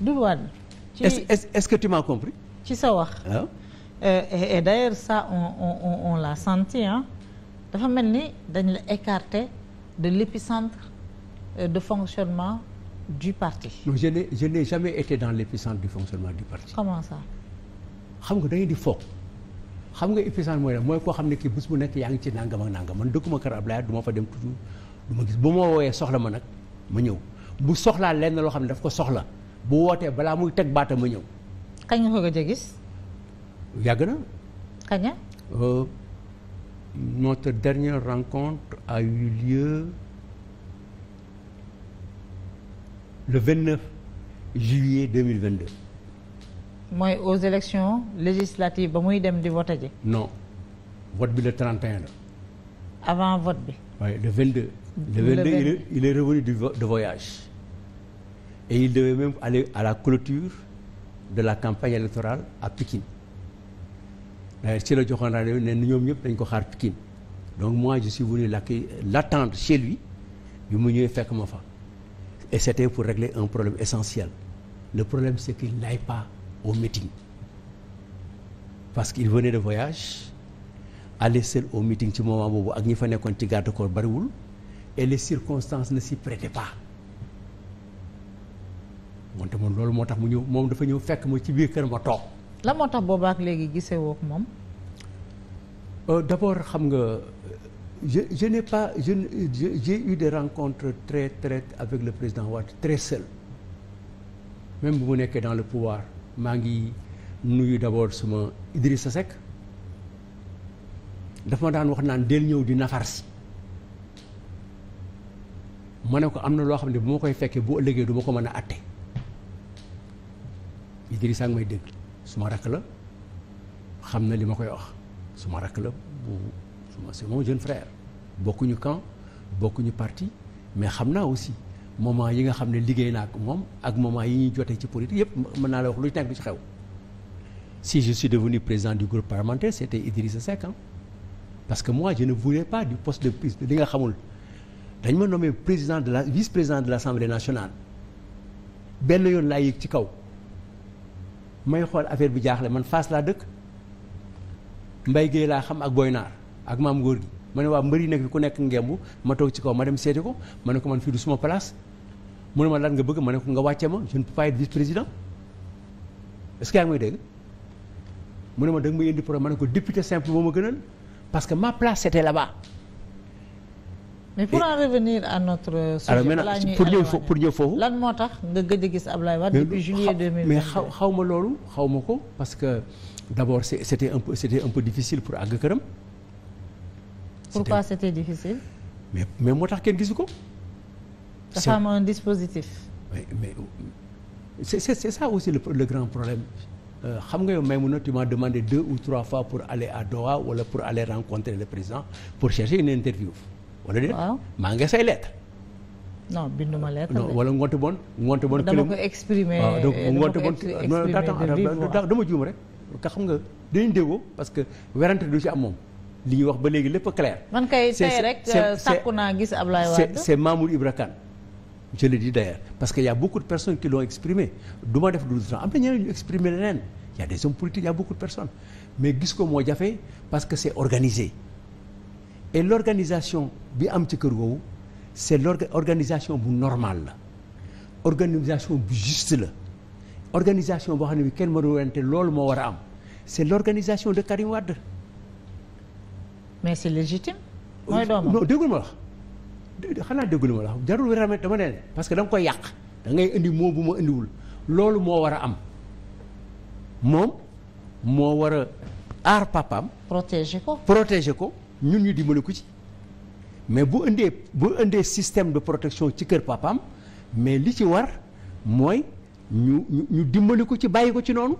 Doudou Wade ci est est ce que tu m'as ci sa wax. waaw ah. euh, et d' ailleurs ça on on l'a senti ah dafa mel ni dañ la écarté de l'épicentre euh, de fonctionnement du parti. non je n'ai je n'ai jamais été dans l'épicentre du fonctionnement du parti. comment ça. xam nga dañuy di foog xam nga épicentre mooy la mooy koo xam ne kii bus bu nekk yaa ngi ci nangam ak nangam man dëkkuma kër Ablaye du ma fa dem toujours du ma gis bu ma wooyee soxla ma nag ma ñëw bu soxlaa lenn loo xam ne daf ko soxla. bu wootee balaa muy teg baatam a ñëw. kañ nga ko gëj a gis. yàgg na. kañ euh, notre dernière rencontre a eu lieu le 29 juillet 2022. mooy aux élections législatives ba muy dem di voté ji. non vote bi le 31 la. avant vote bi. oui le 22. le 22 il il est revenu du voyage. et il devait même aller à la clôture de la campagne électorale à Pikine ci la joxoon rendez-vous ne ñoom ñëpp dañ ko xaar Pikine donc moi je suis venu l'attendre chez lui bi mu ñëwee fekk ma fa et c'était pour régler un problème essentiel le problème c'est qu'il n'aille pas au meeting parce qu'il venait de voyage aller seul au meeting ci moment boobu ak ñi fa nekkoon ci garde corps bariwul et les circonstances ne s'y prêtaient pas wante moom loolu moo tax mu ñëw moom dafa ñëw fekk ma ci biir kër ma toog. la moo tax boobaak ak léegi gisee woo moom. Euh, d'abord xam nga je je n'ai pas je j'ai eu des rencontre très très avec le président Wade très seul même bu mu nekkee dans le pouvoir maa ngi nuyu d'abord suma Idrissa Seck dafa ma daan wax naan del ñëw di nafar si ma ne ko am na loo xam ne bu ma koy fekkee bu ëllëgee duma ko mën a atte Idrissa ak may dégg su ma rakk la xam na li ma koy wax su ma rakk la bu suma c'est mon jeune frère bokkuñu camp bokkuñu parti mais xam naa aussi moment yi nga xam ne liggéey naa ak moom ak moment yi ñuy jotee ci politique yëpp mën naa la wax lu nekk lu ci xew si je suis devenu président du groupe parlementaire c'était Idrissa Seck ah parce que moi je ne voulais pas du poste de prise li nga xamul dañ ma nommé président de la vice président de l'Assemblée nationale benn yoon laa ci kaw may xool affaire bi jaaxle man fas laa dëkk Mbaye Guèye laa xam ak Boy Naar ak maam góor gi ma ne waa mbëri nekk fi ku nekk ngemb ma toog ci kaw ma dem seeti ko ma ne ko man fi du suma place mu ne ma lan nga bëgg ma ne ko nga wàcce ma je ne peux pas être vice président est-ce que yaa ngi may dégg mu ne ma da nga may indi problème ma ne ko député simple moo ma gënal parce que ma place c'était là-bas mais pour en revenir à notre sujet. pour ñëw foofu lan moo tax nga gëj a gis Ablaye Wade depuis juillet 2020 mais xaw xaw ma loolu xaw ko parce que d' abord c' était un peu c' était un peu difficile pour àgg këram. pourquoi c' était difficile. mais mais moo tax kenn gisu ko. dafa am un dispositif. mais mais c' ça aussi le le grand problème. Euh, xam nga yow Maïmouna tu m'as demandé deux ou trois fois pour aller à Doha wala pour aller rencontrer le président pour chercher une wala déet maa ngi say lettre non bindu ma lettre wala ngonte bon ngonte bon dama ko exprimer donc ngonte bon dama juum rek ka xam nga dañu déggoo parce que werante du ci am moom li ñuy wax ba léegi lépp clair man kay tey rek sàkku euh, naa gis Ablaye Wade c'est Mamour Ibra Kane je le dis d'ailleurs parce que y a beaucoup de personnes qui l'ont exprimé du def du temps am na ñeneen ñu exprimer leneen y a des hommes politiques y a beaucoup de personnes mais gis ko moo jafe parce que c'est organisé et l'organisation bi am ci kër googu c'est organisation bu normal la organisation bu juste la organisation boo xam ne bi kenn mënu wante loolu moo war a am c'est l'organisation de Karim Wade mais c'est légitime mooy doomam non déggul xanaa déggul ma wax jarul dama ne parce que da nga yàq da ngay indi moo bu ma indiwul loolu moo war a am moom moo war a aar papaam protéger ko protéger ko ñun ñu dimbali ko ci mais bu indee bu indee système de protection ci kër papaam mais li ci war mooy ñu ñu dimbali ko ci bàyyi ko ci noonu